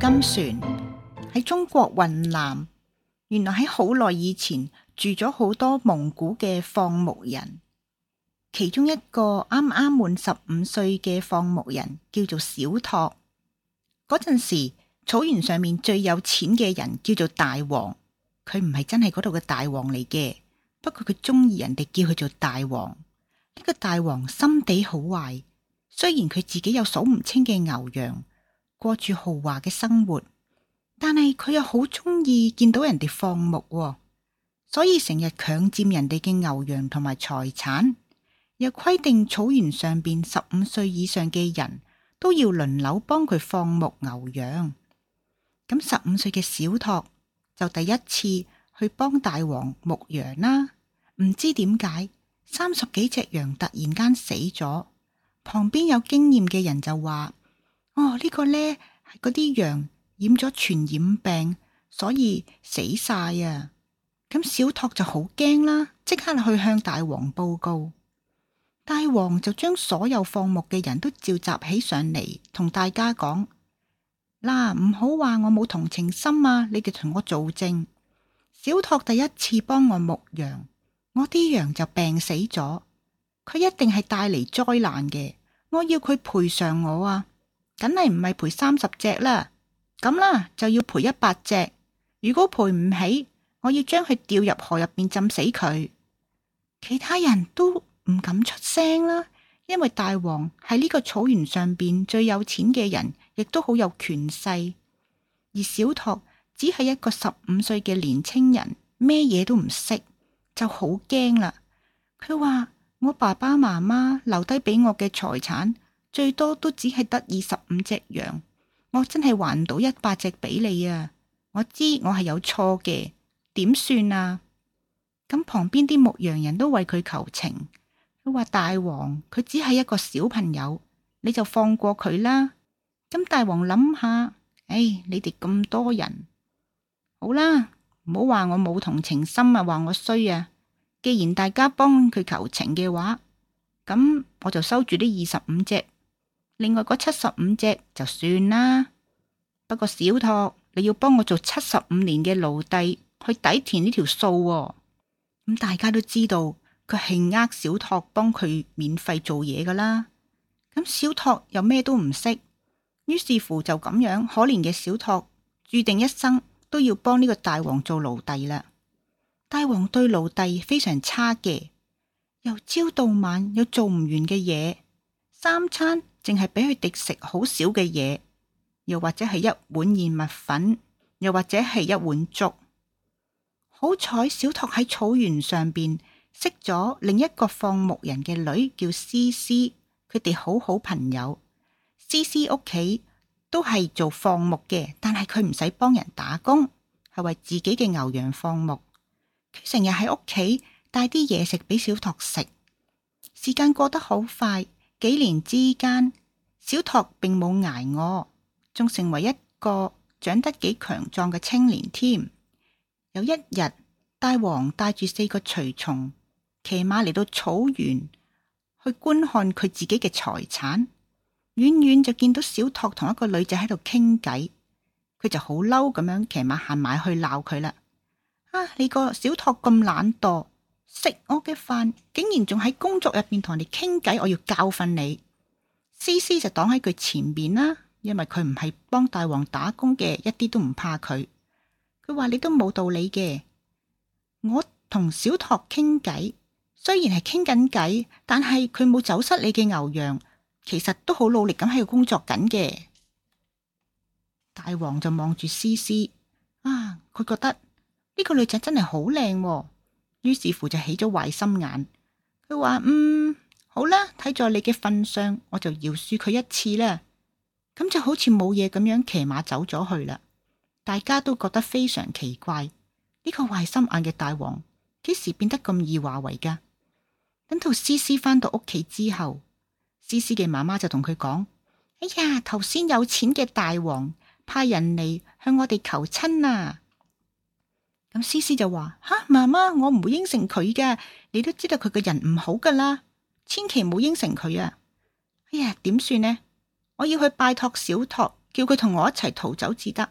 金船喺中國雲南，原來喺好耐以前住咗好多蒙古嘅放牧人。其中一個啱啱滿十五歲嘅放牧人叫做小托。嗰陣時，草原上面最有錢嘅人叫做大王。佢唔係真係嗰度嘅大王嚟嘅，不過佢中意人哋叫佢做大王。呢個大王心地好壞，雖然佢自己有數唔清嘅牛羊。過住豪華嘅生活，但係佢又好中意見到人哋放牧喎，所以成日強占人哋嘅牛羊同埋財產，又規定草原上邊十五歲以上嘅人都要輪流幫佢放牧牛羊。咁十五歲嘅小托就第一次去幫大王牧羊啦。唔知點解三十幾隻羊突然間死咗，旁邊有經驗嘅人就話。哦，呢個呢，係嗰啲羊染咗傳染病，所以死晒啊！咁小托就好驚啦，即刻去向大王報告。大王就將所有放牧嘅人都召集起上嚟，同大家講：嗱、啊，唔好話我冇同情心啊！你哋同我做證，小托第一次幫我牧羊，我啲羊就病死咗，佢一定係帶嚟災難嘅，我要佢賠償我啊！梗係唔係賠三十隻啦，咁啦就要賠一百隻。如果賠唔起，我要將佢掉入河入邊浸死佢。其他人都唔敢出聲啦，因為大王係呢個草原上邊最有錢嘅人，亦都好有權勢。而小托只係一個十五歲嘅年青人，咩嘢都唔識，就好驚啦。佢話我爸爸媽媽留低俾我嘅財產。最多都只係得二十五隻羊，我真係還到一百隻俾你啊！我知我係有錯嘅，點算啊？咁旁邊啲牧羊人都為佢求情，佢話大王，佢只係一個小朋友，你就放過佢啦。咁大王諗下，唉、哎，你哋咁多人，好啦，唔好話我冇同情心啊，話我衰啊。既然大家幫佢求情嘅話，咁我就收住呢二十五隻。另外嗰七十五隻就算啦，不過小托你要幫我做七十五年嘅奴隸，去抵填呢條數喎。咁大家都知道佢係呃，小托幫佢免費做嘢噶啦。咁小托又咩都唔識，於是乎就咁樣可憐嘅小托，注定一生都要幫呢個大王做奴隸啦。大王對奴隸非常差嘅，由朝到晚有做唔完嘅嘢，三餐。淨係俾佢哋食好少嘅嘢，又或者係一碗燕麥粉，又或者係一碗粥。好彩，小托喺草原上邊識咗另一個放牧人嘅女，叫思思，佢哋好好朋友。思思屋企都係做放牧嘅，但係佢唔使幫人打工，係為自己嘅牛羊放牧。佢成日喺屋企帶啲嘢食俾小托食。時間過得好快。幾年之間，小托並冇挨餓，仲成為一個長得幾強壯嘅青年添。有一日，大王帶住四個隨從騎馬嚟，到草原去觀看佢自己嘅財產，遠遠就見到小托同一個女仔喺度傾偈，佢就好嬲，咁樣騎馬行埋去鬧佢啦。啊，你個小托咁懶惰！食我嘅飯，竟然仲喺工作入邊同人哋傾偈，我要教訓你。思思就擋喺佢前面啦，因為佢唔係幫大王打工嘅，一啲都唔怕佢。佢話你都冇道理嘅，我同小托傾偈，雖然係傾緊偈，但係佢冇走失你嘅牛羊，其實都好努力咁喺度工作緊嘅。大王就望住思思啊，佢覺得呢個女仔真係好靚。於是乎就起咗壞心眼，佢話：嗯，好啦，睇在你嘅份上，我就饒恕佢一次啦。咁就好似冇嘢咁樣騎馬走咗去啦。大家都覺得非常奇怪，呢個壞心眼嘅大王幾時變得咁易話為噶？等到思思翻到屋企之後，思思嘅媽媽就同佢講：哎呀，頭先有錢嘅大王派人嚟向我哋求親啊！咁思思就話吓，媽媽，我唔會應承佢嘅，你都知道佢個人唔好噶啦，千祈唔好應承佢啊。哎呀，點算呢？我要去拜託小托，叫佢同我一齊逃走，至得。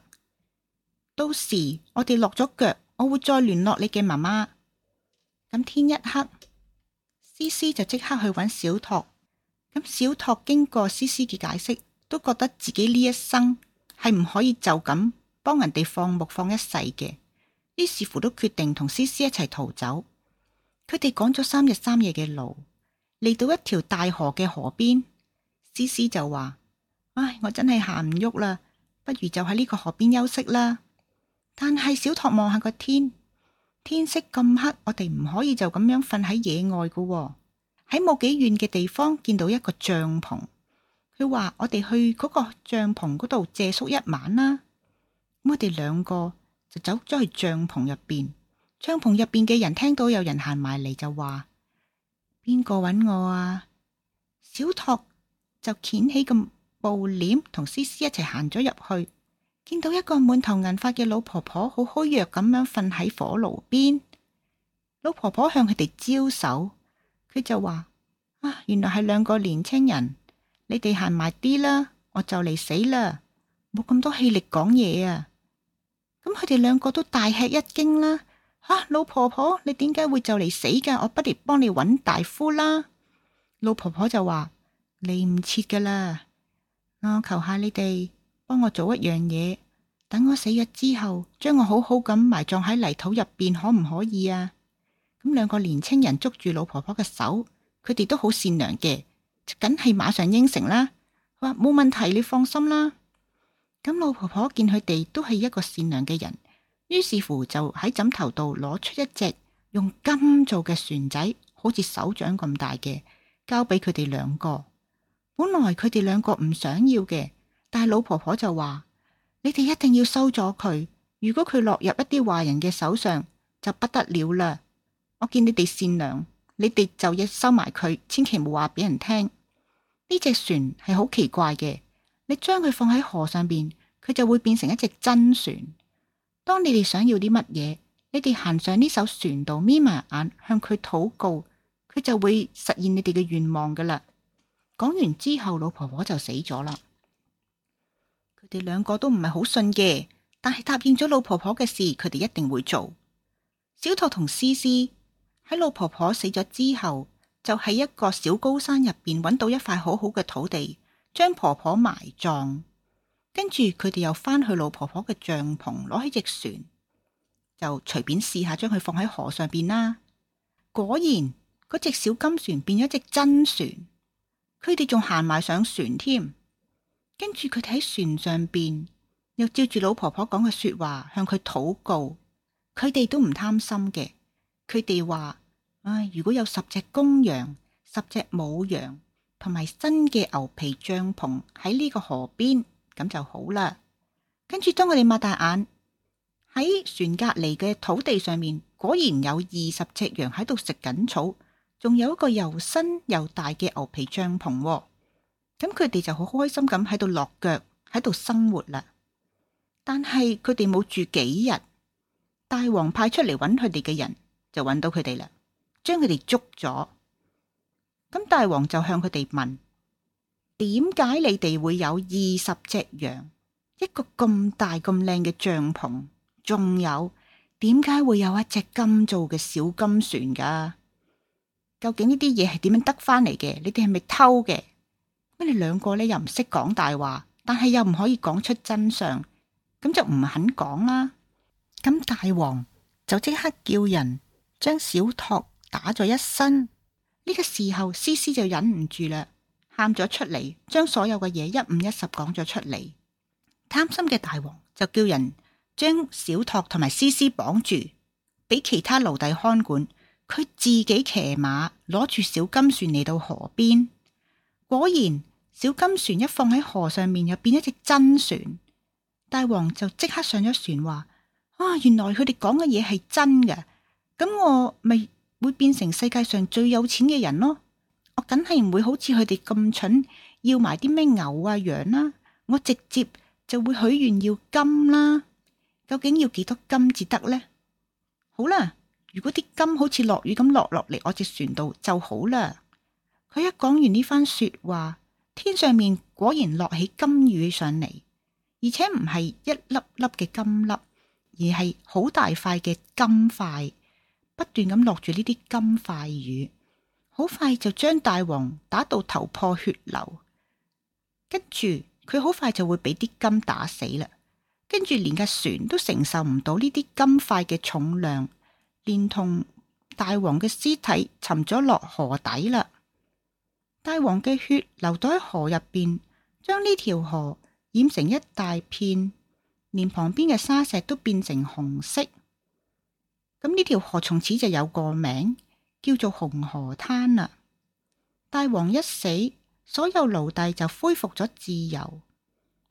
到時我哋落咗腳，我會再聯絡你嘅媽媽。咁天一黑，思思就即刻去揾小托。咁小托經過思思嘅解釋，都覺得自己呢一生係唔可以就咁幫人哋放牧放一世嘅。於是乎都決定同思思一齊逃走。佢哋趕咗三日三夜嘅路，嚟到一條大河嘅河邊，思思就話：唉，我真係行唔喐啦，不如就喺呢個河邊休息啦。但係小托望下個天，天色咁黑，我哋唔可以就咁樣瞓喺野外㗎喎。喺冇幾遠嘅地方見到一個帳篷，佢話我哋去嗰個帳篷嗰度借宿一晚啦。我哋兩個。走咗去帳篷入邊，帳篷入邊嘅人聽到有人行埋嚟就話：邊個揾我啊？小托就掀起個布簾，同詩詩一齊行咗入去，見到一個滿頭銀髮嘅老婆婆，好虛弱咁樣瞓喺火爐邊。老婆婆向佢哋招手，佢就話：啊，原來係兩個年青人，你哋行埋啲啦，我就嚟死啦，冇咁多氣力講嘢啊！咁佢哋兩個都大吃一驚啦！吓、啊，老婆婆，你點解會就嚟死噶？我不如幫你揾大夫啦。老婆婆就話：嚟唔切噶啦，我求下你哋幫我做一樣嘢，等我死咗之後，將我好好咁埋葬喺泥土入邊，可唔可以啊？咁兩個年青人捉住老婆婆嘅手，佢哋都好善良嘅，梗係馬上應承啦。話冇問題，你放心啦。咁老婆婆見佢哋都係一個善良嘅人，於是乎就喺枕頭度攞出一隻用金做嘅船仔，好似手掌咁大嘅，交俾佢哋兩個。本來佢哋兩個唔想要嘅，但係老婆婆就話：你哋一定要收咗佢。如果佢落入一啲壞人嘅手上，就不得了啦。我見你哋善良，你哋就要收埋佢，千祈冇話俾人聽。呢隻船係好奇怪嘅。你將佢放喺河上邊，佢就會變成一隻真船。當你哋想要啲乜嘢，你哋行上呢艘船度，眯埋眼向佢禱告，佢就會實現你哋嘅願望噶啦。講完之後，老婆婆就死咗啦。佢哋兩個都唔係好信嘅，但係答應咗老婆婆嘅事，佢哋一定會做。小托同思思喺老婆婆死咗之後，就喺一個小高山入邊搵到一塊好好嘅土地。將婆婆埋葬，跟住佢哋又翻去老婆婆嘅帳篷，攞起隻船，就隨便試下將佢放喺河上邊啦。果然，嗰隻小金船變咗隻真船，佢哋仲行埋上船添。跟住佢哋喺船上邊，又照住老婆婆講嘅說話向佢禱告。佢哋都唔貪心嘅，佢哋話：唉，如果有十隻公羊，十隻母羊。同埋新嘅牛皮帳篷喺呢個河邊咁就好啦。跟住當佢哋擘大眼，喺船隔籬嘅土地上面，果然有二十隻羊喺度食緊草，仲有一個又新又大嘅牛皮帳篷哦。咁佢哋就好開心咁喺度落腳，喺度生活啦。但係佢哋冇住幾日，大王派出嚟搵佢哋嘅人就搵到佢哋啦，將佢哋捉咗。咁大王就向佢哋問：點解你哋會有二十隻羊？一個咁大咁靚嘅帳篷，仲有點解會有一隻金做嘅小金船㗎？究竟呢啲嘢係點樣得返嚟嘅？你哋係咪偷嘅？咩？你兩個呢又唔識講大話，但係又唔可以講出真相，咁就唔肯講啦。咁大王就即刻叫人將小托打咗一身。呢個時候，詩詩就忍唔住啦，喊咗出嚟，將所有嘅嘢一五一十講咗出嚟。貪心嘅大王就叫人將小托同埋詩詩綁住，俾其他奴隸看管。佢自己騎馬，攞住小金船嚟到河邊。果然，小金船一放喺河上面，又變一隻真船。大王就即刻上咗船，話：啊、哦，原來佢哋講嘅嘢係真嘅，咁、嗯、我咪。會變成世界上最有錢嘅人咯！我梗係唔會好似佢哋咁蠢，要埋啲咩牛啊羊啦，啊，我直接就會許願要金啦。究竟要幾多金至得呢？好啦，如果啲金好似落雨咁落落嚟，我隻船度就好啦。佢一講完呢番說話，天上面果然落起金雨上嚟，而且唔係一粒粒嘅金粒，而係好大塊嘅金塊。不斷咁落住呢啲金塊雨，好快就將大王打到頭破血流，跟住佢好快就會俾啲金打死啦。跟住連個船都承受唔到呢啲金塊嘅重量，連同大王嘅屍體沉咗落河底啦。大王嘅血流到喺河入邊，將呢條河染成一大片，連旁邊嘅沙石都變成紅色。咁呢條河從此就有個名，叫做紅河灘啦。大王一死，所有奴隸就恢復咗自由，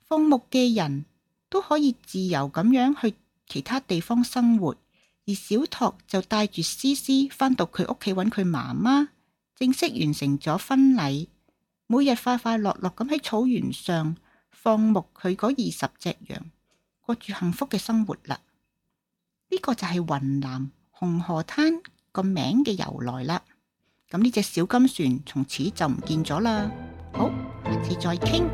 放牧嘅人都可以自由咁樣去其他地方生活。而小托就帶住思思翻到佢屋企揾佢媽媽，正式完成咗婚禮。每日快快樂樂咁喺草原上放牧佢嗰二十隻羊，過住幸福嘅生活啦。呢個就係雲南紅河灘個名嘅由來啦。咁呢隻小金船從此就唔見咗啦。好，下次再傾。